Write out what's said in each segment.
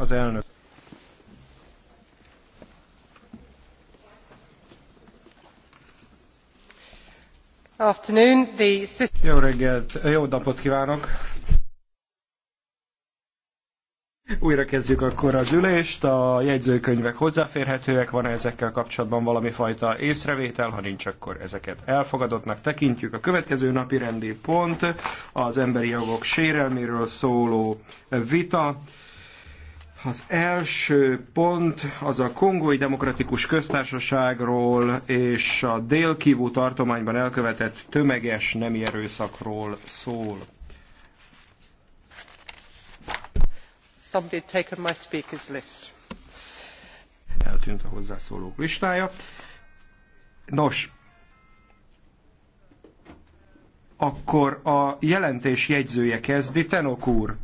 Az elnök. Afternoon, the... Jó reggelt, jó napot kívánok! Újra kezdjük akkor az ülést. A jegyzőkönyvek hozzáférhetőek, van -e ezekkel kapcsolatban valami fajta észrevétel, ha nincs, akkor ezeket elfogadottnak tekintjük. A következő napi rendi pont az emberi jogok sérelméről szóló vita. Az első pont az a Kongói Demokratikus Köztársaságról és a dél tartományban elkövetett tömeges nemi erőszakról szól. Somebody taken my speakers list. Eltűnt a hozzászólók listája. Nos, akkor a jelentés jegyzője kezdi, Tenok úr.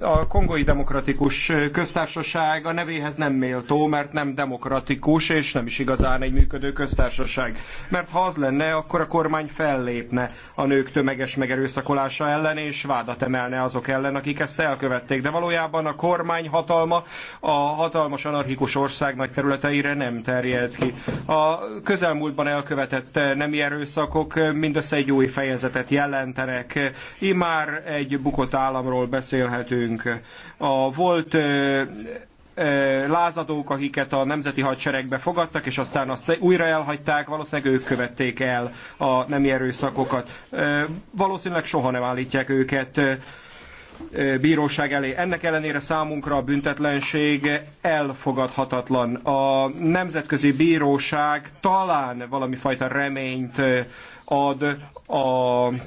A kongói demokratikus köztársaság a nevéhez nem méltó, mert nem demokratikus, és nem is igazán egy működő köztársaság. Mert ha az lenne, akkor a kormány fellépne a nők tömeges megerőszakolása ellen, és vádat emelne azok ellen, akik ezt elkövették. De valójában a kormány hatalma a hatalmas anarchikus ország nagy területeire nem terjed ki. A közelmúltban elkövetett nemi erőszakok mindössze egy új fejezetet jelentenek. Imár egy bukott államról beszél beszélhetünk. A volt lázadók, akiket a nemzeti hadseregbe fogadtak, és aztán azt újra elhagyták, valószínűleg ők követték el a nemi erőszakokat. Valószínűleg soha nem állítják őket bíróság elé. Ennek ellenére számunkra a büntetlenség elfogadhatatlan. A nemzetközi bíróság talán valami fajta reményt ad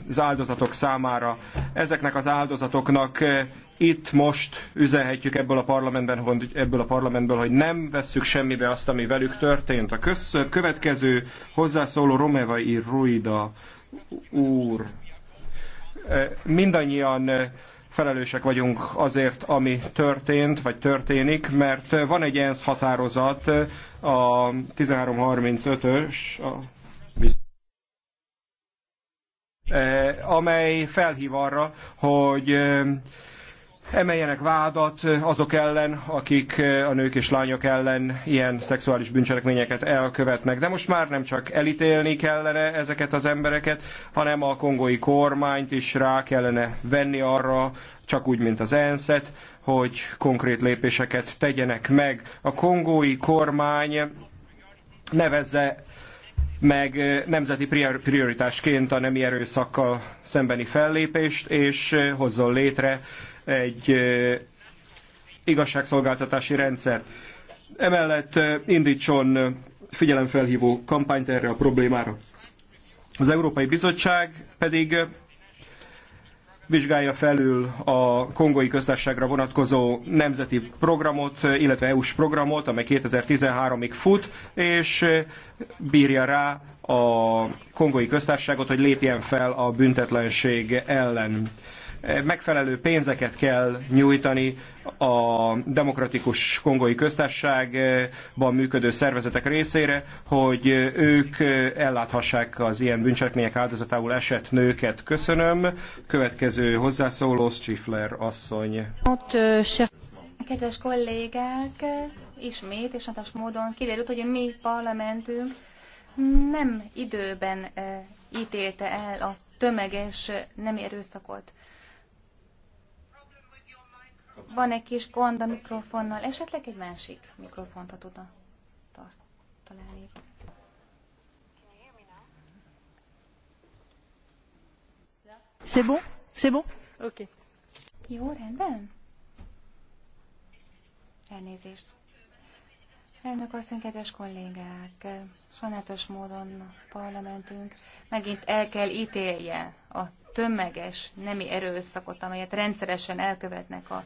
az áldozatok számára. Ezeknek az áldozatoknak eh, itt most üzenhetjük ebből a parlamentben, hogy ebből a parlamentből, hogy nem vesszük semmibe azt, ami velük történt. A következő hozzászóló Romevai Ruida úr. Eh, mindannyian eh, felelősek vagyunk azért, ami történt, vagy történik, mert van egy ENSZ határozat, a 1335-ös, a amely felhív arra, hogy emeljenek vádat azok ellen, akik a nők és lányok ellen ilyen szexuális bűncselekményeket elkövetnek. De most már nem csak elítélni kellene ezeket az embereket, hanem a kongói kormányt is rá kellene venni arra, csak úgy, mint az ENSZ-et, hogy konkrét lépéseket tegyenek meg. A kongói kormány nevezze meg nemzeti prioritásként a nemi erőszakkal szembeni fellépést, és hozzon létre egy igazságszolgáltatási rendszer. Emellett indítson figyelemfelhívó kampányt erre a problémára. Az Európai Bizottság pedig vizsgálja felül a kongói köztársaságra vonatkozó nemzeti programot, illetve EU-s programot, amely 2013-ig fut, és bírja rá a kongói köztársaságot, hogy lépjen fel a büntetlenség ellen megfelelő pénzeket kell nyújtani a Demokratikus Kongói Köztársaságban működő szervezetek részére, hogy ők elláthassák az ilyen bűncselekmények áldozatául esett nőket. Köszönöm. Következő hozzászóló Schiffler asszony. Kedves kollégák, ismét és hatas módon kiderült, hogy mi parlamentünk nem időben eh, ítélte el a tömeges nem erőszakot van egy kis gond a mikrofonnal? Esetleg egy másik mikrofont, ha tudna találni. C'est bon? C'est bon? Ok. Jó, rendben. Elnézést. Elnök asszony, kedves kollégák, sajnálatos módon a parlamentünk megint el kell ítélje a tömeges nemi erőszakot, amelyet rendszeresen elkövetnek a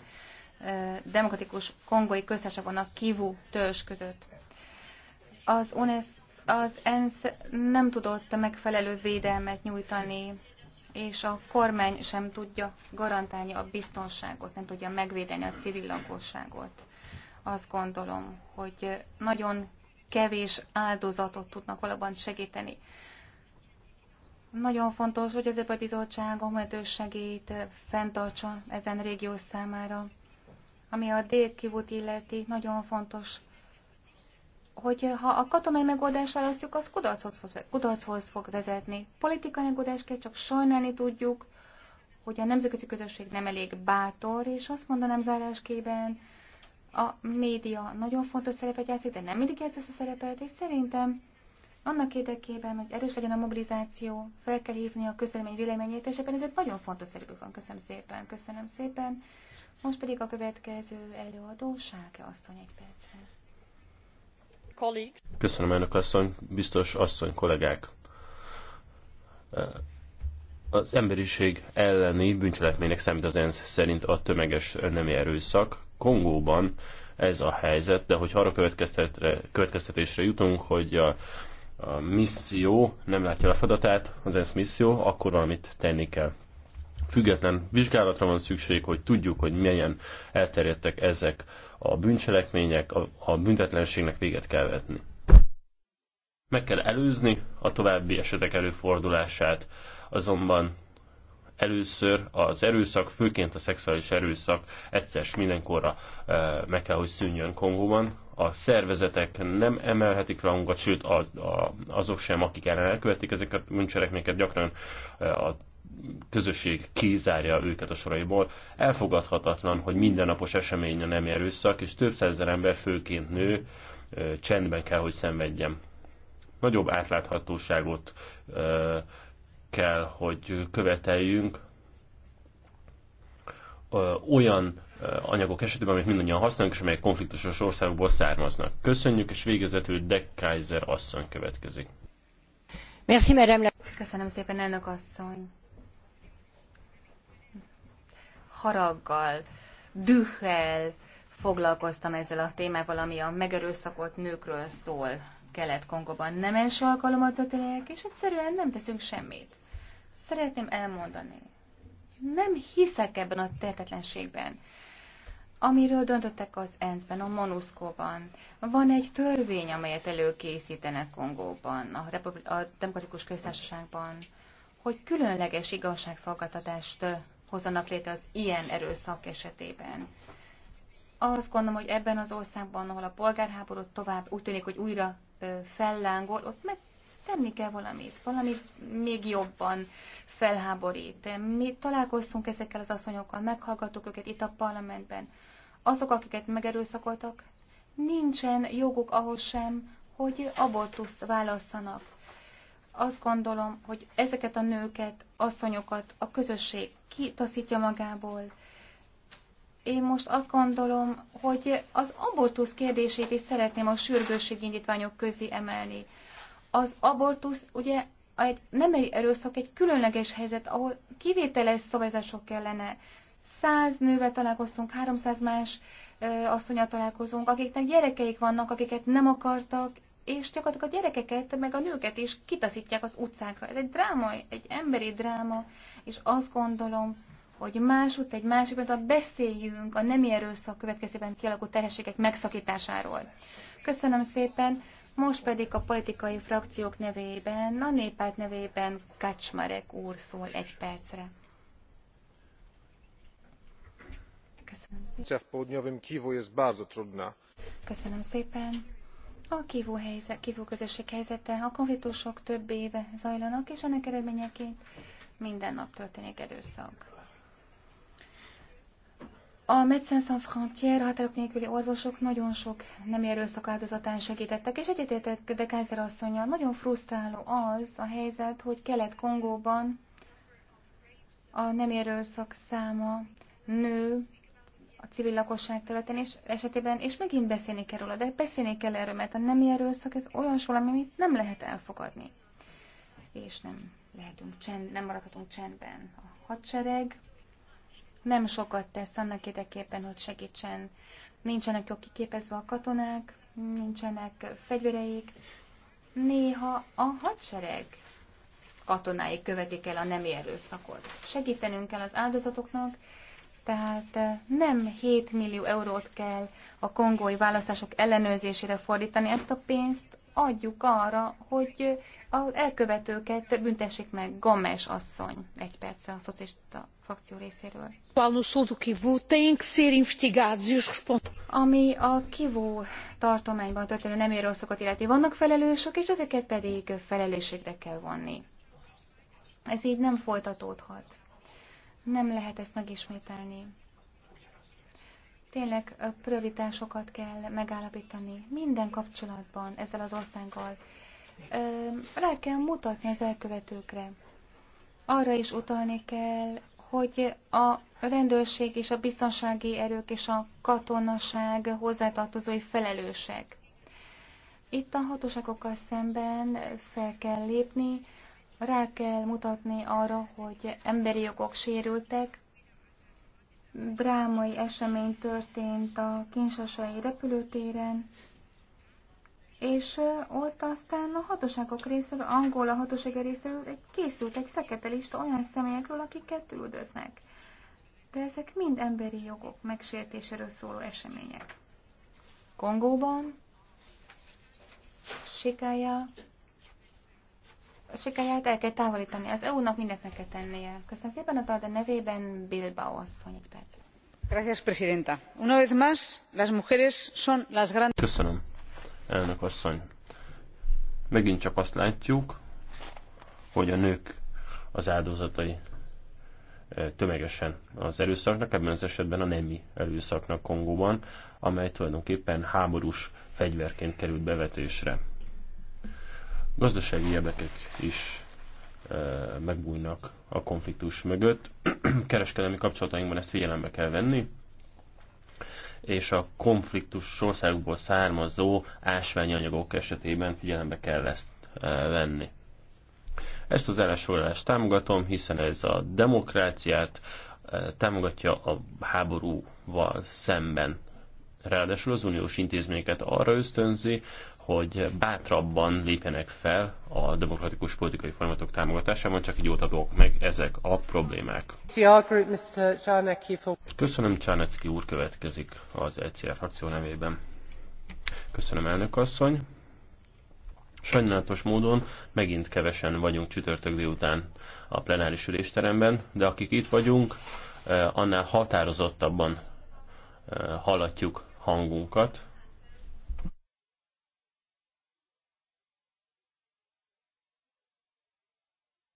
demokratikus kongói a kivú törzs között. Az, UNESZ, az ENSZ nem tudott megfelelő védelmet nyújtani, és a kormány sem tudja garantálni a biztonságot, nem tudja megvédeni a civil lakosságot. Azt gondolom, hogy nagyon kevés áldozatot tudnak valóban segíteni. Nagyon fontos, hogy az a bizottság a segít, fenntartsa ezen régió számára ami a délkivút illeti, nagyon fontos, hogy ha a katonai megoldást választjuk, az kudarchoz, kudarchoz fog vezetni. Politikai megoldást kell csak sajnálni tudjuk, hogy a nemzetközi közösség nem elég bátor, és azt mondanám zárásképpen, a média nagyon fontos szerepet játszik, de nem mindig játszik ezt a szerepet, és szerintem annak érdekében, hogy erős legyen a mobilizáció, fel kell hívni a közlemény véleményét, és ebben ez egy nagyon fontos szerepük van. Köszönöm szépen, köszönöm szépen. Most pedig a következő előadó, Sáke asszony egy percre. Köszönöm, elnök asszony, biztos asszony, kollégák. Az emberiség elleni bűncselekménynek számít az ENSZ szerint a tömeges nemi erőszak. Kongóban ez a helyzet, de hogyha arra következtetésre jutunk, hogy a, a misszió nem látja a feladatát, az ENSZ misszió, akkor valamit tenni kell független vizsgálatra van szükség, hogy tudjuk, hogy milyen elterjedtek ezek a bűncselekmények, a, a büntetlenségnek véget kell vetni. Meg kell előzni a további esetek előfordulását, azonban először az erőszak, főként a szexuális erőszak egyszer mindenkorra e, meg kell, hogy szűnjön Kongóban. A szervezetek nem emelhetik fel hangot, sőt a, azok sem, akik ellen elkövetik ezeket a bűncselekményeket, gyakran e, a közösség kizárja őket a soraiból. Elfogadhatatlan, hogy mindennapos eseménye nem erőszak, és több százezer ember, főként nő, csendben kell, hogy szenvedjem. Nagyobb átláthatóságot kell, hogy követeljünk olyan anyagok esetében, amit mindannyian használunk, és amelyek konfliktusos országokból származnak. Köszönjük, és végezetül De Kaiser asszony következik. Merci, madame. Köszönöm szépen, elnök asszony haraggal, dühel foglalkoztam ezzel a témával, ami a megerőszakolt nőkről szól kelet kongóban Nem első alkalommal történik, és egyszerűen nem teszünk semmit. Szeretném elmondani, nem hiszek ebben a tehetetlenségben amiről döntöttek az ENSZ-ben, a Monuszkóban, Van egy törvény, amelyet előkészítenek Kongóban, a, Republi- a Demokratikus Köztársaságban, hogy különleges igazságszolgáltatást hozzanak létre az ilyen erőszak esetében. Azt gondolom, hogy ebben az országban, ahol a polgárháború tovább úgy tűnik, hogy újra fellángol, ott meg tenni kell valamit, valamit még jobban felháborít. Mi találkoztunk ezekkel az asszonyokkal, meghallgattuk őket itt a parlamentben. Azok, akiket megerőszakoltak, nincsen joguk ahhoz sem, hogy abortuszt válasszanak azt gondolom, hogy ezeket a nőket, asszonyokat a közösség kitaszítja magából. Én most azt gondolom, hogy az abortusz kérdését is szeretném a sürgősségi indítványok közé emelni. Az abortusz ugye egy egy erőszak egy különleges helyzet, ahol kivételes szavazások kellene. Száz nővel találkoztunk, 300 más asszonyal találkozunk, akiknek gyerekeik vannak, akiket nem akartak, és gyakorlatilag a gyerekeket, meg a nőket is kitaszítják az utcákra. Ez egy dráma, egy emberi dráma, és azt gondolom, hogy másút egy másik, mert beszéljünk a nemi erőszak következében kialakult terhességek megszakításáról. Köszönöm szépen, most pedig a politikai frakciók nevében, a népát nevében Kacsmarek úr szól egy percre. Köszönöm szépen. Köszönöm szépen. A kívó, helyzet, kívó közösség helyzete, a konfliktusok több éve zajlanak, és ennek eredményeként minden nap történik erőszak. A Médecins Sans Frontières határok nélküli orvosok nagyon sok nem erőszak áldozatán segítettek, és egyetértek de Kaiser asszonyjal, nagyon frusztráló az a helyzet, hogy Kelet-Kongóban a nem erőszak száma nő, a civil lakosság területén is esetében, és megint beszélni kell róla, de beszélni kell erről, mert a nem erőszak ez olyan valami, amit nem lehet elfogadni. És nem lehetünk csend, nem maradhatunk csendben. A hadsereg nem sokat tesz annak érdekében, hogy segítsen. Nincsenek jól kiképezve a katonák, nincsenek fegyvereik. Néha a hadsereg katonái követik el a nem erőszakot. Segítenünk kell az áldozatoknak, tehát eh, nem 7 millió eurót kell a kongói választások ellenőrzésére fordítani, ezt a pénzt adjuk arra, hogy eh, az elkövetőket büntessék meg Gomes asszony, egy percre a szocialista frakció részéről. E Ami a kivó tartományban történő nem erőszakot illeti, vannak felelősök, és ezeket pedig felelősségre kell vonni. Ez így nem folytatódhat. Nem lehet ezt megismételni. Tényleg a prioritásokat kell megállapítani minden kapcsolatban ezzel az országgal. Rá kell mutatni az elkövetőkre. Arra is utalni kell, hogy a rendőrség és a biztonsági erők és a katonaság hozzátartozói felelősek. Itt a hatóságokkal szemben fel kell lépni, rá kell mutatni arra, hogy emberi jogok sérültek, drámai esemény történt a kinsasai repülőtéren, és ott aztán a hatóságok részéről, angol a hatósága részéről készült egy fekete lista olyan személyekről, akiket üldöznek. De ezek mind emberi jogok megsértéséről szóló események. Kongóban, Sikája, sikáját el kell távolítani. Az EU-nak mindent meg kell tennie. Köszönöm szépen az Alde nevében Bilbao asszony egy perc. Gracias, presidenta. Una vez más, las mujeres son las grandes... Köszönöm, elnök asszony. Megint csak azt látjuk, hogy a nők az áldozatai e, tömegesen az erőszaknak, ebben az esetben a nemi erőszaknak Kongóban, amely tulajdonképpen háborús fegyverként került bevetésre gazdasági érdekek is e, megbújnak a konfliktus mögött. Kereskedelmi kapcsolatainkban ezt figyelembe kell venni, és a konfliktus országokból származó ásványanyagok esetében figyelembe kell ezt e, venni. Ezt az állásfoglalást támogatom, hiszen ez a demokráciát e, támogatja a háborúval szemben. Ráadásul az uniós intézményeket arra ösztönzi, hogy bátrabban lépjenek fel a demokratikus politikai folyamatok támogatásában, csak így oldhatók meg ezek a problémák. Köszönöm, Csárnecki úr következik az ECR frakció nevében. Köszönöm, elnök asszony. Sajnálatos módon megint kevesen vagyunk csütörtök délután a plenáris ülésteremben, de akik itt vagyunk, eh, annál határozottabban eh, hallatjuk hangunkat,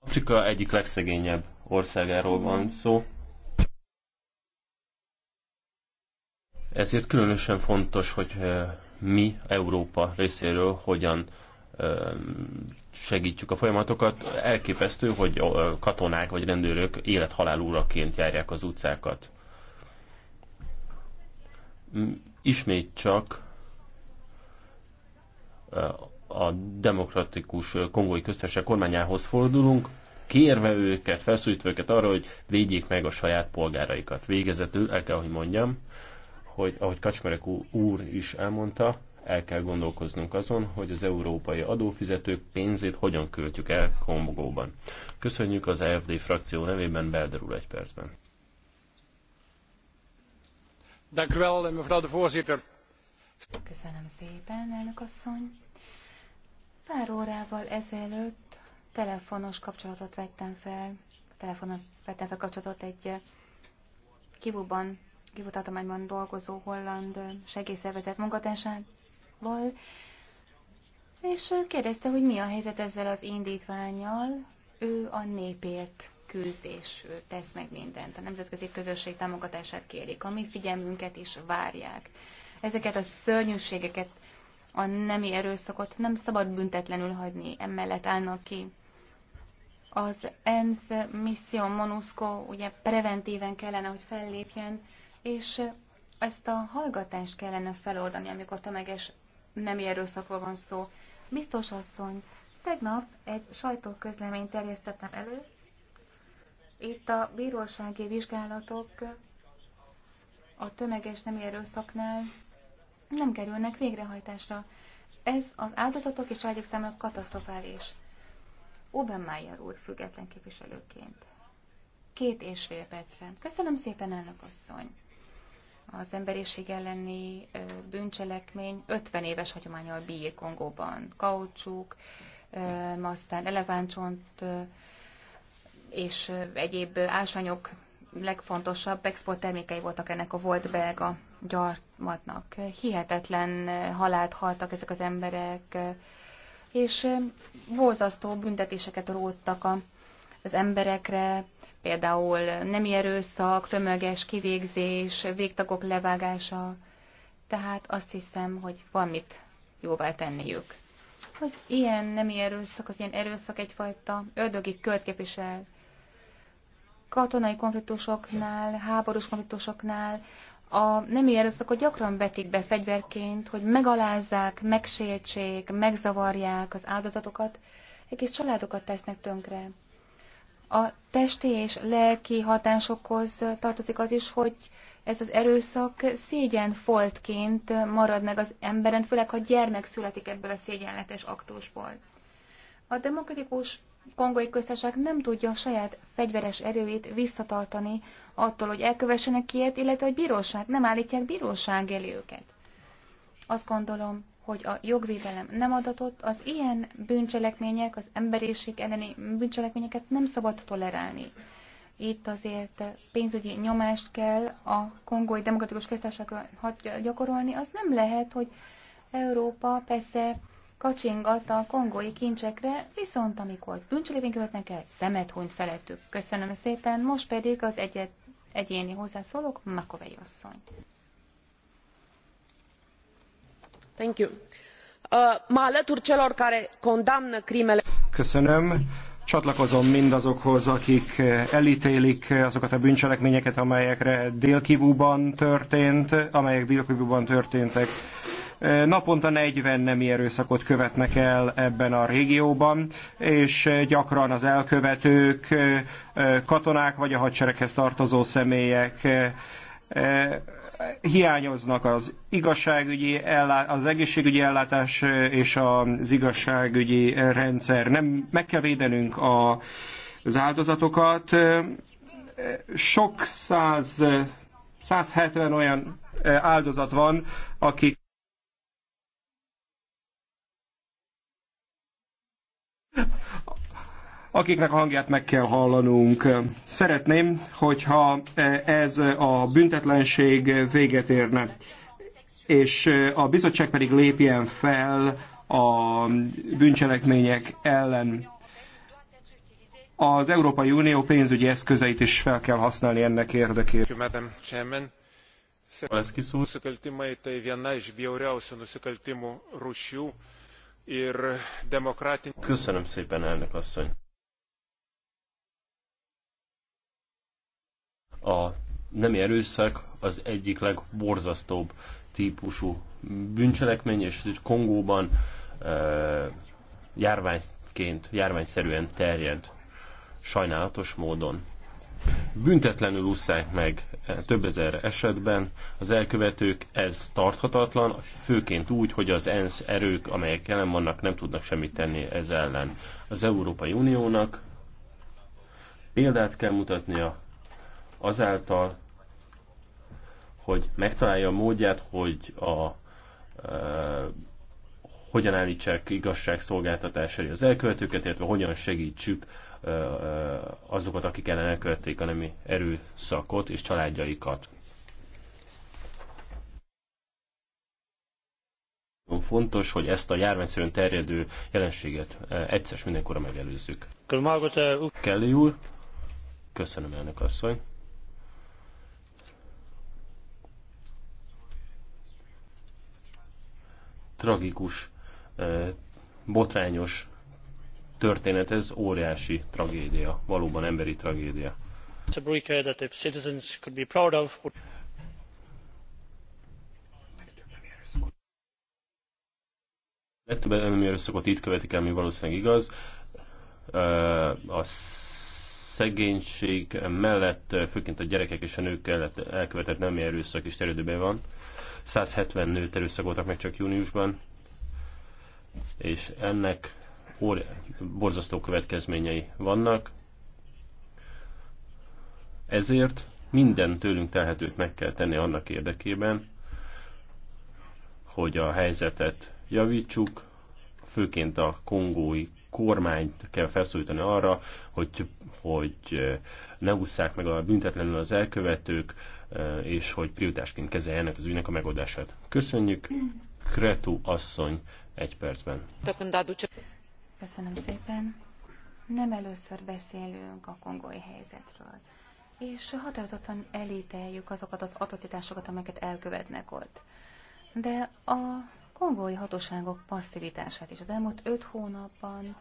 Afrika egyik legszegényebb országáról van szó. Ezért különösen fontos, hogy mi Európa részéről hogyan segítjük a folyamatokat. Elképesztő, hogy katonák vagy rendőrök élethalál uraként járják az utcákat. Ismét csak a demokratikus kongói köztársaság kormányához fordulunk, kérve őket, felszólítva őket arra, hogy védjék meg a saját polgáraikat. Végezetül el kell, hogy mondjam, hogy ahogy Kacsmerek úr is elmondta, el kell gondolkoznunk azon, hogy az európai adófizetők pénzét hogyan költjük el Kongóban. Köszönjük az EFD frakció nevében, Belder egy percben. Köszönöm szépen, elnök asszony. Pár órával ezelőtt telefonos kapcsolatot vettem fel, telefonon vettem fel kapcsolatot egy eh, kivúban, kivutartományban dolgozó holland eh, segélyszervezet munkatársával, és eh, kérdezte, hogy mi a helyzet ezzel az indítványjal, ő a népért küzd, és ő tesz meg mindent. A nemzetközi közösség támogatását kérik, a mi figyelmünket is várják. Ezeket a szörnyűségeket a nemi erőszakot nem szabad büntetlenül hagyni, emellett állnak ki. Az ENSZ misszió MONUSCO ugye preventíven kellene, hogy fellépjen, és ezt a hallgatást kellene feloldani, amikor tömeges nemi erőszakról van szó. Biztos asszony, tegnap egy sajtóközleményt terjesztettem elő. Itt a bírósági vizsgálatok a tömeges nemi erőszaknál nem kerülnek végrehajtásra. Ez az áldozatok és családok számára katasztrofális. Obermeyer úr független képviselőként. Két és fél percre. Köszönöm szépen, elnök asszony. Az emberiség elleni bűncselekmény 50 éves hagyományal bír Kongóban. Kaucsuk, aztán elefántcsont és egyéb ásványok legfontosabb exporttermékei voltak ennek a volt belga gyarmatnak. Hihetetlen halált haltak ezek az emberek, és borzasztó büntetéseket róttak az emberekre, például nemi erőszak, tömeges kivégzés, végtagok levágása. Tehát azt hiszem, hogy van mit jóvá tenniük. Az ilyen nemi erőszak, az ilyen erőszak egyfajta ördögi költképvisel katonai konfliktusoknál, háborús konfliktusoknál a nemi erőszakot gyakran vetik be fegyverként, hogy megalázzák, megsértsék, megzavarják az áldozatokat, egész családokat tesznek tönkre. A testi és lelki hatásokhoz tartozik az is, hogy ez az erőszak szégyen foltként marad meg az emberen, főleg ha gyermek születik ebből a szégyenletes aktusból. A demokratikus kongói köztársaság nem tudja a saját fegyveres erőit visszatartani attól, hogy elkövessenek ilyet, illetve hogy bíróság, nem állítják bíróság elé őket. Azt gondolom, hogy a jogvédelem nem adatott, az ilyen bűncselekmények, az emberiség elleni bűncselekményeket nem szabad tolerálni. Itt azért pénzügyi nyomást kell a kongói demokratikus köztársaságra gyakorolni. Az nem lehet, hogy Európa persze kacsingat a kongói kincsekre, viszont amikor bűncselekmény követnek el, szemet hunyt felettük. Köszönöm szépen, most pedig az egyet egyéni hozzászólók, Makovei asszony. Thank you. Uh, Ma alătur celor care condamnă crimele. Köszönöm csatlakozom mindazokhoz, akik elítélik azokat a bűncselekményeket, amelyekre délkivúban történt, amelyek délkivúban történtek. Naponta 40 nemi erőszakot követnek el ebben a régióban, és gyakran az elkövetők katonák vagy a hadsereghez tartozó személyek hiányoznak az igazságügyi az egészségügyi ellátás és az igazságügyi rendszer. Nem, meg kell védenünk a, az áldozatokat. Sok száz, 170 olyan áldozat van, akik akiknek a hangját meg kell hallanunk. Szeretném, hogyha ez a büntetlenség véget érne, és a bizottság pedig lépjen fel a bűncselekmények ellen. Az Európai Unió pénzügyi eszközeit is fel kell használni ennek érdekében. Köszönöm, tai viena iš bjauriausių ir demokratin... Köszönöm szépen, elnök asszony. A nem erőszak az egyik legborzasztóbb típusú bűncselekmény, és Kongóban e, járványként, járványszerűen terjed sajnálatos módon büntetlenül úszák meg e, több ezer esetben az elkövetők, ez tarthatatlan, főként úgy, hogy az ENSZ erők, amelyek jelen vannak, nem tudnak semmit tenni ez ellen. Az Európai Uniónak példát kell mutatnia azáltal, hogy megtalálja a módját, hogy a e, hogyan állítsák igazságszolgáltatás elé az elkövetőket, illetve hogyan segítsük azokat, akik ellen elkövették a nemi erőszakot és családjaikat. Fontos, hogy ezt a járványszerűen terjedő jelenséget egyszer mindenkorra megelőzzük. Kelly úr, köszönöm elnök asszony. Tragikus, botrányos történet, ez óriási tragédia, valóban emberi tragédia. Legtöbb elemi erőszakot itt követik el, mi valószínűleg igaz. A szegénység mellett, főként a gyerekek és a nők elkövetett nemi erőszak is terjedőben van. 170 nőt erőszakoltak meg csak júniusban, és ennek óri, borzasztó következményei vannak. Ezért minden tőlünk telhetőt meg kell tenni annak érdekében, hogy a helyzetet javítsuk, főként a kongói kormányt kell felszólítani arra, hogy, hogy eh, ne ússzák meg a büntetlenül az elkövetők, eh, és hogy prioritásként kezeljenek az ügynek a megoldását. Köszönjük, Kretu asszony, egy percben. Köszönöm szépen. Nem először beszélünk a kongói helyzetről, és határozottan elíteljük azokat az atrocitásokat, amelyeket elkövetnek ott. De a kongói hatóságok passzivitását is az elmúlt öt hónapban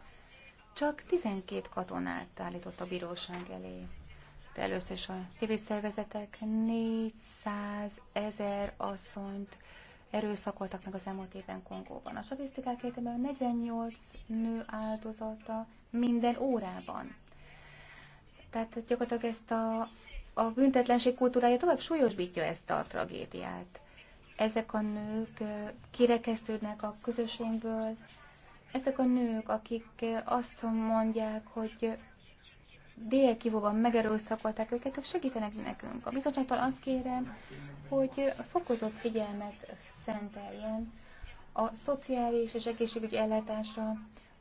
csak 12 katonát állított a bíróság elé. De először is a civil szervezetek 400 ezer asszonyt erőszakoltak meg az elmúlt évben Kongóban. A statisztikák értelemben 48 nő áldozata minden órában. Tehát gyakorlatilag ezt a, a büntetlenség kultúrája tovább súlyosbítja ezt a tragédiát. Ezek a nők kirekesztődnek a közösségből, ezek a nők, akik azt mondják, hogy délkivóban megerőszakolták őket, ők segítenek nekünk. A bizottságtól azt kérem, hogy fokozott figyelmet szenteljen a szociális és egészségügyi ellátásra.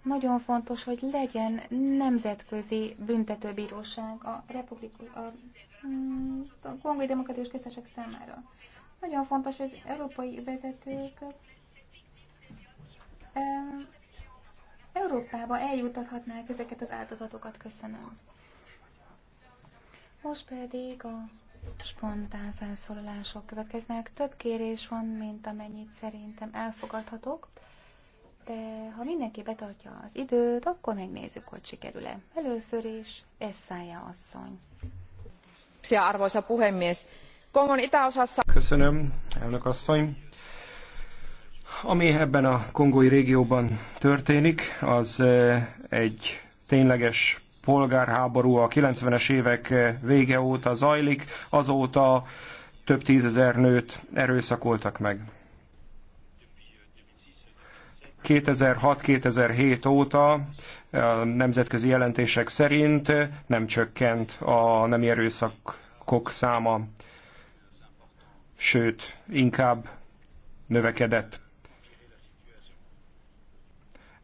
Nagyon fontos, hogy legyen nemzetközi büntetőbíróság a, republik- a, mm, a kongói demokratikus köztesek számára. Nagyon fontos, hogy az európai vezetők Európába eljutathatnák ezeket az áldozatokat. Köszönöm. Most pedig a spontán felszólalások következnek. Több kérés van, mint amennyit szerintem elfogadhatok, de ha mindenki betartja az időt, akkor megnézzük, hogy sikerül-e. Először is Esszája asszony. Szia, arvoisa puhemies! Kongon itäosassa... Köszönöm, elnök asszony. Ami ebben a kongói régióban történik, az eh, egy tényleges polgárháború a 90-es évek vége óta zajlik, azóta több tízezer nőt erőszakoltak meg. 2006-2007 óta a nemzetközi jelentések szerint nem csökkent a nemi erőszakok száma, sőt, inkább növekedett.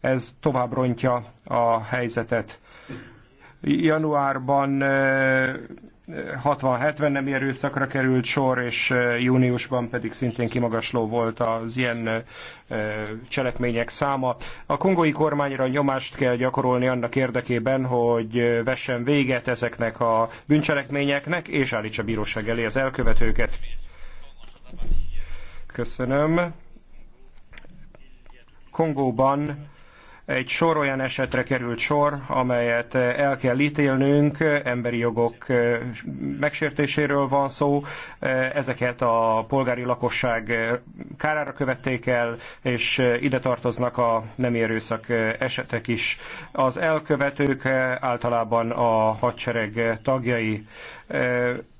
Ez tovább rontja a helyzetet. Januárban 60-70 nem erőszakra került sor, és júniusban pedig szintén kimagasló volt az ilyen cselekmények száma. A kongói kormányra nyomást kell gyakorolni annak érdekében, hogy vessen véget ezeknek a bűncselekményeknek, és állítsa bíróság elé az elkövetőket. Köszönöm. Kongóban egy sor olyan esetre került sor, amelyet el kell ítélnünk, emberi jogok megsértéséről van szó, ezeket a polgári lakosság kárára követték el, és ide tartoznak a nem erőszak esetek is. Az elkövetők általában a hadsereg tagjai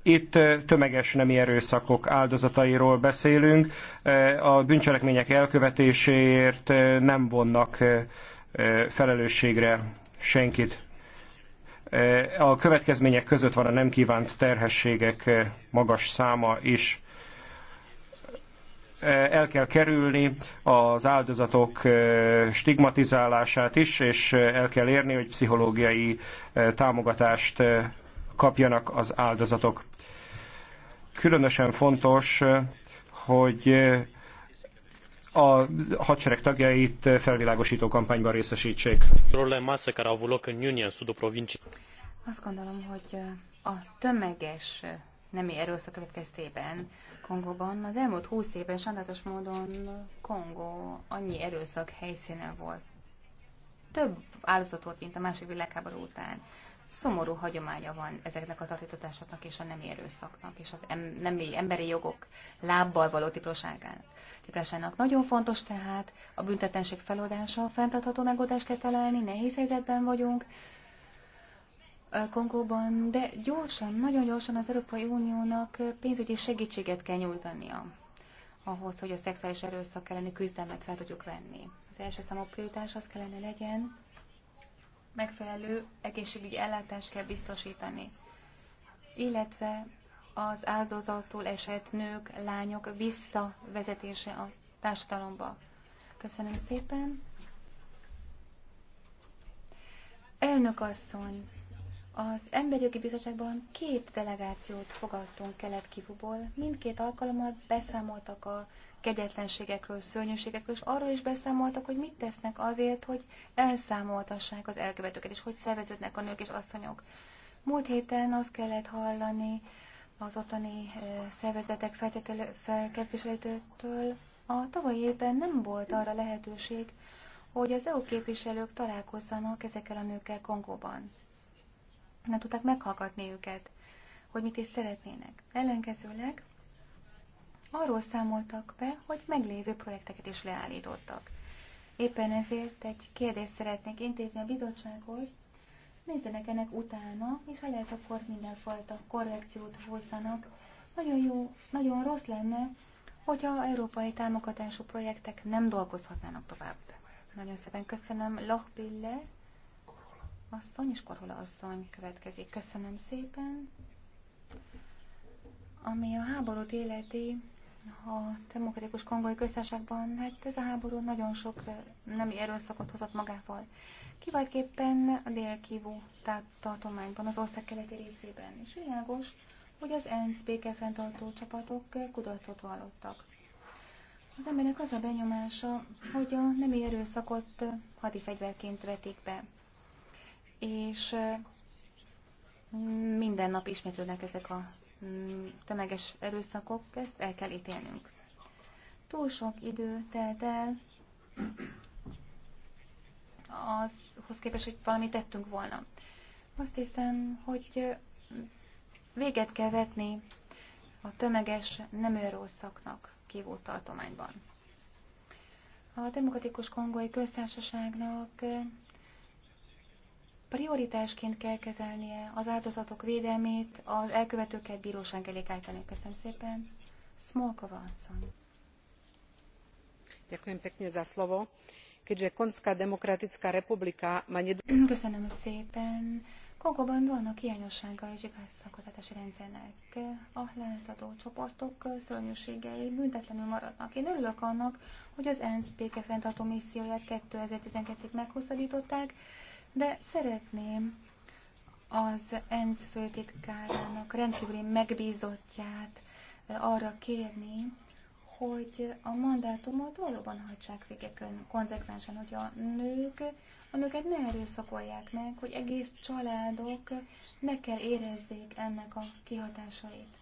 itt tömeges nemi erőszakok áldozatairól beszélünk. A bűncselekmények elkövetéséért nem vonnak felelősségre senkit. A következmények között van a nem kívánt terhességek magas száma is. El kell kerülni az áldozatok stigmatizálását is, és el kell érni, hogy pszichológiai támogatást kapjanak az áldozatok. Különösen fontos, hogy a hadsereg tagjait felvilágosító kampányban részesítsék. Azt gondolom, hogy a tömeges nemi erőszak következtében Kongóban az elmúlt húsz évben sajnálatos módon Kongó annyi erőszak helyszíne volt. Több áldozat volt, mint a második világháború után. Szomorú hagyománya van ezeknek a tartóztatásoknak és a nem szaknak, és az em- nem emberi jogok lábbal való tiproságának. Tiprasának nagyon fontos tehát a büntetenség feloldása, a fenntartható megoldást kell találni, nehéz helyzetben vagyunk, Kongóban, de gyorsan, nagyon gyorsan az Európai Uniónak pénzügyi segítséget kell nyújtania ahhoz, hogy a szexuális erőszak elleni küzdelmet fel tudjuk venni. Az első számú prioritás az kellene legyen, megfelelő egészségügyi ellátást kell biztosítani, illetve az áldozatul esett nők, lányok visszavezetése a társadalomba. Köszönöm szépen. Elnök asszony, az Emberjogi Bizottságban két delegációt fogadtunk Kelet-Kivuból. Mindkét alkalommal beszámoltak a kegyetlenségekről, szörnyűségekről, és arról is beszámoltak, hogy mit tesznek azért, hogy elszámoltassák az elkövetőket, és hogy szerveződnek a nők és asszonyok. Múlt héten azt kellett hallani az ottani eh, szervezetek felképviselőtől, a tavalyi évben nem volt arra lehetőség, hogy az EU képviselők találkozzanak ezekkel a nőkkel Kongóban nem tudták meghallgatni őket, hogy mit is szeretnének. Ellenkezőleg arról számoltak be, hogy meglévő projekteket is leállítottak. Éppen ezért egy kérdést szeretnék intézni a bizottsághoz, nézzenek ennek utána, és ha lehet, akkor mindenfajta korrekciót hozzanak. Nagyon jó, nagyon rossz lenne, hogyha európai támogatású projektek nem dolgozhatnának tovább. Nagyon szépen köszönöm. Loch Biller asszony, és Korhola asszony következik. Köszönöm szépen. Ami a háborút életi, a demokratikus kongolai köztársaságban, hát ez a háború nagyon sok nemi erőszakot hozott magával. Kiváltképpen a délkívú tartományban, az ország keleti részében. És világos, hogy az ENSZ békefenntartó csapatok kudarcot vallottak. Az embernek az a benyomása, hogy a nemi erőszakot hadifegyverként vetik be és minden nap ismétlődnek ezek a mm, tömeges erőszakok, ezt el kell ítélnünk. Túl sok idő telt el, azhoz képest, hogy valamit tettünk volna. Azt hiszem, hogy véget kell vetni a tömeges nem erőszaknak kívó tartományban. A Demokratikus Kongói Köztársaságnak prioritásként kell kezelnie az áldozatok védelmét, az elkövetőket bíróság elé kell Köszönöm szépen. Smolkova asszony. republika Köszönöm szépen. Kongóban vannak hiányossága és igazszakotatási rendszernek. A lázadó csoportok szörnyűségei büntetlenül maradnak. Én örülök annak, hogy az ENSZ békefenntartó misszióját 2012-ig meghosszabbították, de szeretném az ENSZ főtitkárának rendkívüli megbízottját eh, arra kérni, hogy a mandátumot valóban hajtsák végekön konzekvensen, hogy a nők, a nőket ne erőszakolják meg, hogy egész családok ne kell érezzék ennek a kihatásait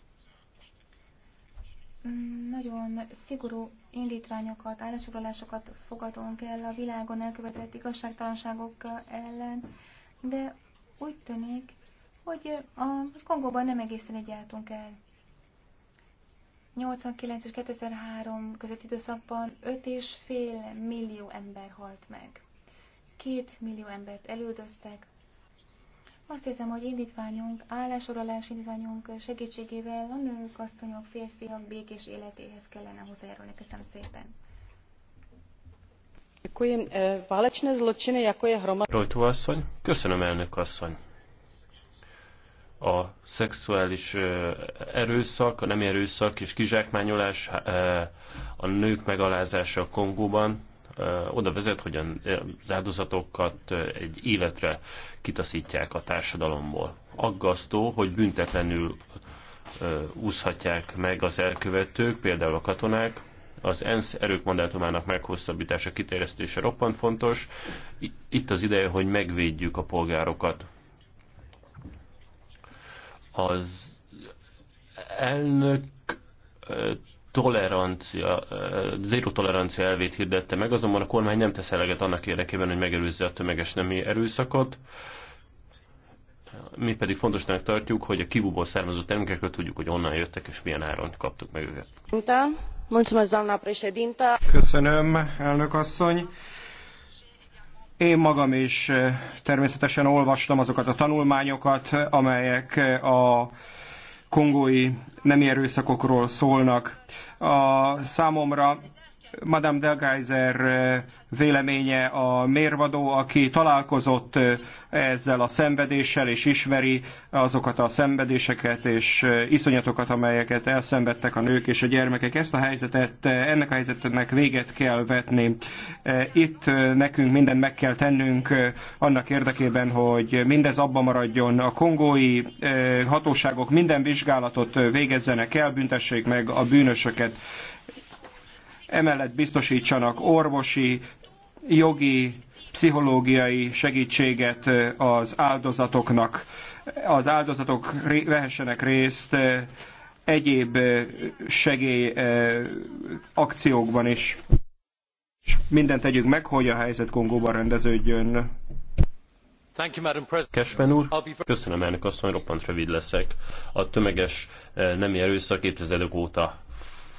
nagyon szigorú indítványokat, állásfoglalásokat fogadunk el a világon elkövetett igazságtalanságok ellen, de úgy tűnik, hogy a Kongóban nem egészen így jártunk el. 89 és 2003 közötti időszakban 5,5 millió ember halt meg. Két millió embert elüldöztek, azt hiszem, hogy indítványunk, állásorolás indítványunk segítségével a nők, asszonyok, férfiak békés életéhez kellene hozzájárulni. Köszönöm szépen. Eh, válečné köszönöm elnök asszony. A szexuális eh, erőszak, a nem erőszak és kizsákmányolás, eh, a nők megalázása a Kongóban oda vezet, hogy az áldozatokat egy életre kitaszítják a társadalomból. Aggasztó, hogy büntetlenül úszhatják meg az elkövetők, például a katonák, az ENSZ erők mandátumának meghosszabbítása, kiterjesztése roppant fontos. Itt az ideje, hogy megvédjük a polgárokat. Az elnök tolerancia, eh, zéró tolerancia elvét hirdette meg, azonban a kormány nem tesz eleget annak érdekében, hogy megelőzze a tömeges nemi erőszakot. Mi pedig fontosnak tartjuk, hogy a kibúból származó termékekről tudjuk, hogy onnan jöttek és milyen áron kaptuk meg őket. Köszönöm, elnök asszony. Én magam is eh, természetesen olvastam azokat a tanulmányokat, amelyek eh, a kongói nemi erőszakokról szólnak. A számomra Madame de véleménye a mérvadó, aki találkozott ezzel a szenvedéssel, és ismeri azokat a szenvedéseket és iszonyatokat, amelyeket elszenvedtek a nők és a gyermekek. Ezt a helyzetet, ennek a helyzetnek véget kell vetni. Itt nekünk mindent meg kell tennünk annak érdekében, hogy mindez abba maradjon. A kongói hatóságok minden vizsgálatot végezzenek el, büntessék meg a bűnösöket emellett biztosítsanak orvosi, jogi, pszichológiai segítséget az áldozatoknak, az áldozatok vehessenek részt egyéb segély akciókban is. És mindent tegyünk meg, hogy a helyzet Kongóban rendeződjön. Cashman úr, köszönöm elnök asszony, roppant rövid leszek. A tömeges nemi erőszak évtizedek óta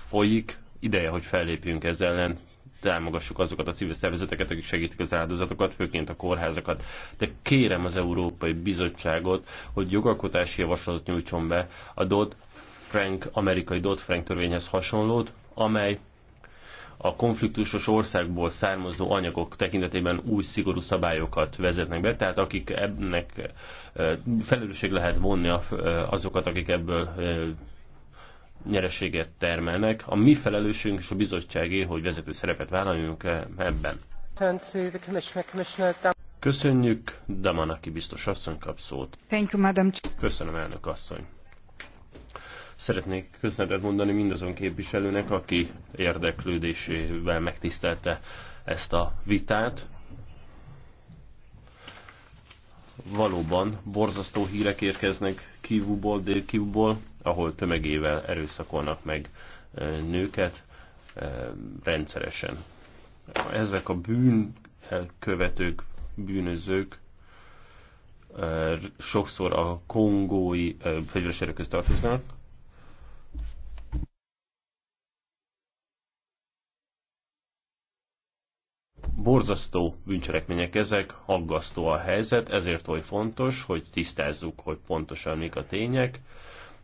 folyik, ideje, hogy fellépjünk ezzel ellen, támogassuk azokat a civil szervezeteket, akik segítik az áldozatokat, főként a kórházakat. De kérem az Európai Bizottságot, hogy jogalkotási javaslatot nyújtson be a Dodd-Frank, amerikai Dodd-Frank törvényhez hasonlót, amely a konfliktusos országból származó anyagok tekintetében új szigorú szabályokat vezetnek be, tehát akik ebnek eh, felelősség lehet vonni eh, azokat, akik ebből eh, nyereséget termelnek. A mi felelősségünk és a bizottságé, hogy vezető szerepet vállaljunk ebben. Köszönjük, Damanaki biztos asszony kap szót. Thank you, madam. Köszönöm, elnök asszony. Szeretnék köszönetet mondani mindazon képviselőnek, aki érdeklődésével megtisztelte ezt a vitát. Valóban borzasztó hírek érkeznek Kívúból, Dél-Kívúból ahol tömegével erőszakolnak meg nőket rendszeresen. Ezek a bűnkövetők, bűnözők sokszor a kongói fegyveres erőköz tartoznak, borzasztó bűncselekmények ezek, aggasztó a helyzet, ezért oly fontos, hogy tisztázzuk, hogy pontosan mik a tények,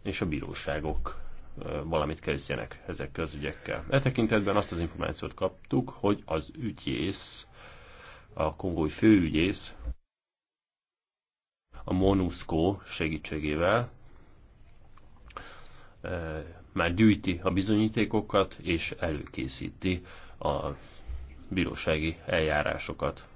és a bíróságok valamit kezdjenek ezek közügyekkel. E tekintetben azt az információt kaptuk, hogy az ügyész, a kongói főügyész a MONUSCO segítségével már gyűjti a bizonyítékokat és előkészíti a bírósági eljárásokat.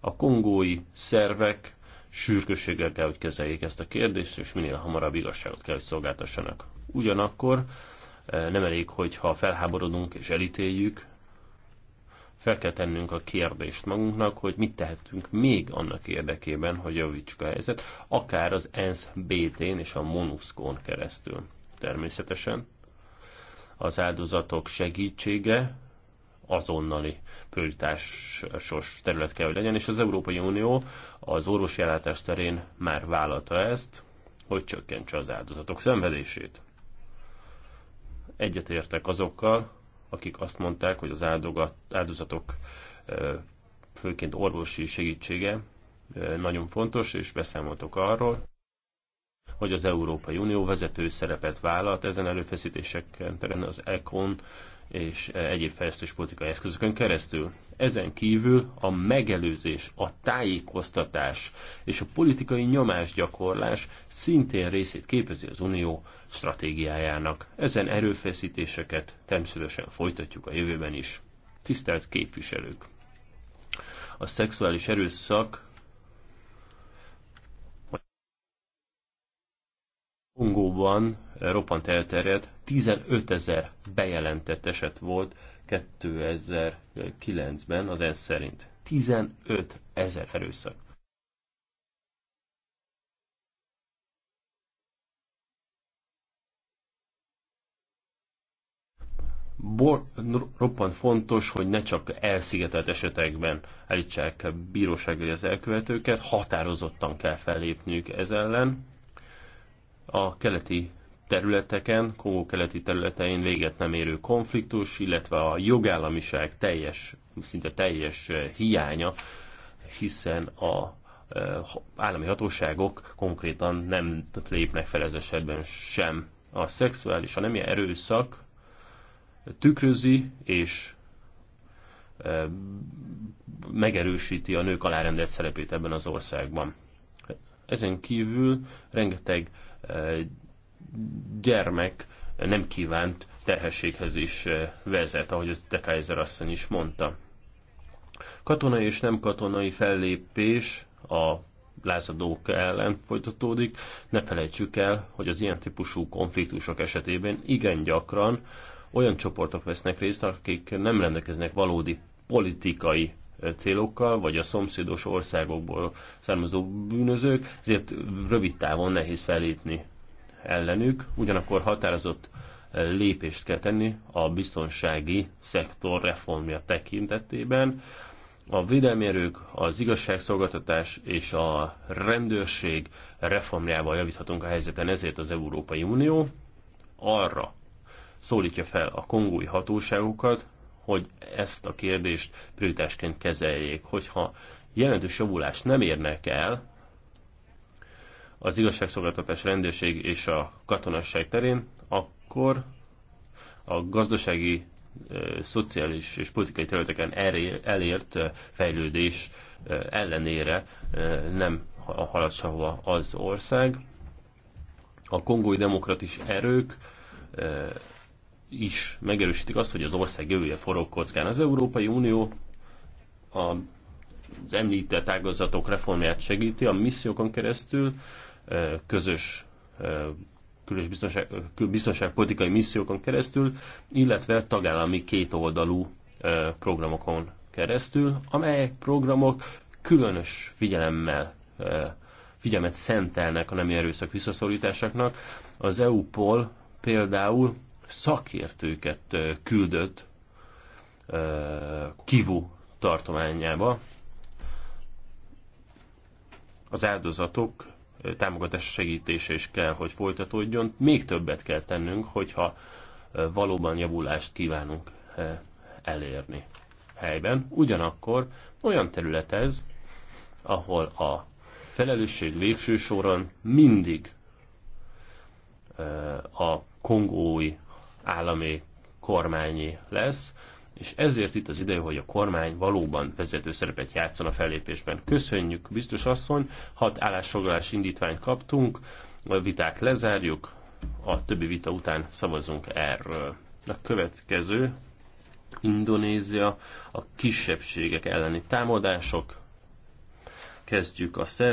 A kongói szervek sürgősséggel kell, hogy kezeljék ezt a kérdést, és minél hamarabb igazságot kell, hogy szolgáltassanak. Ugyanakkor e, nem elég, hogyha felháborodunk és elítéljük, fel kell tennünk a kérdést magunknak, hogy mit tehetünk még annak érdekében, hogy javítsuk a helyzet, akár az ENSZ BT-n és a MONUSZKON keresztül. Természetesen az áldozatok segítsége azonnali prioritásos terület kell, hogy legyen, és az Európai Unió az orvosi ellátás terén már vállalta ezt, hogy csökkentse az áldozatok szenvedését. Egyetértek azokkal, akik azt mondták, hogy az áldogat, áldozatok főként orvosi segítsége nagyon fontos, és beszámoltok arról, hogy az Európai Unió vezető szerepet vállalt ezen előfeszítéseken terén az ECON és e, egyéb fejlesztős politikai eszközökön keresztül. Ezen kívül a megelőzés, a tájékoztatás és a politikai nyomásgyakorlás szintén részét képezi az Unió stratégiájának. Ezen erőfeszítéseket természetesen folytatjuk a jövőben is. Tisztelt képviselők! A szexuális erőszak Kongóban roppant elterjedt, 15 ezer bejelentett eset volt 2009-ben az ENSZ szerint. 15 ezer erőszak. Bor, roppant fontos, hogy ne csak elszigetelt esetekben állítsák bíróság az elkövetőket, határozottan kell fellépniük ez ellen. A keleti területeken, Kongó keleti területein véget nem érő konfliktus, illetve a jogállamiság teljes, szinte teljes eh, hiánya, hiszen a eh, állami hatóságok konkrétan nem lépnek fel ez esetben sem. A szexuális, a nemi erőszak tükrözi és eh, megerősíti a nők alárendelt szerepét ebben az országban. Ezen kívül rengeteg gyermek nem kívánt terhességhez is eh, vezet, ahogy az de Kaiser asszony is mondta. Katonai és nem katonai fellépés a lázadók ellen folytatódik. Ne felejtsük el, hogy az ilyen típusú konfliktusok esetében igen gyakran olyan csoportok vesznek részt, akik nem rendelkeznek valódi politikai eh, célokkal, vagy a szomszédos országokból származó bűnözők, ezért rövid távon nehéz felépni ellenük, ugyanakkor határozott lépést kell tenni a biztonsági szektor reformja tekintetében. A védelmérők, az igazságszolgáltatás és a rendőrség reformjával javíthatunk a helyzeten, ezért az Európai Unió arra szólítja fel a kongói hatóságokat, hogy ezt a kérdést prioritásként kezeljék. Hogyha jelentős javulást nem érnek el az igazságszolgáltatás rendőrség és a katonasság terén, akkor a gazdasági, szociális és politikai területeken elért fejlődés ellenére nem halad sehova az ország. A kongói demokratis erők is megerősítik azt, hogy az ország jövője forog kockán. Az Európai Unió a, az említett ágazatok reformját segíti a missziókon keresztül, közös külös biztonság, biztonságpolitikai missziókon keresztül, illetve tagállami kétoldalú programokon keresztül, amelyek programok különös figyelemmel figyelmet szentelnek a nemi erőszak visszaszorításoknak. Az EU-pol például szakértőket küldött Kivu tartományába az áldozatok támogatás segítése is kell, hogy folytatódjon. Még többet kell tennünk, hogyha valóban javulást kívánunk elérni helyben. Ugyanakkor olyan terület ez, ahol a felelősség végső soron mindig a kongói állami kormányi lesz, és ezért itt az ideje, hogy a kormány valóban vezető szerepet játszon a fellépésben. Köszönjük, biztos asszony, hat állásfoglalás indítványt kaptunk, a vitát lezárjuk, a többi vita után szavazunk erről. A következő, Indonézia, a kisebbségek elleni támadások. Kezdjük a szer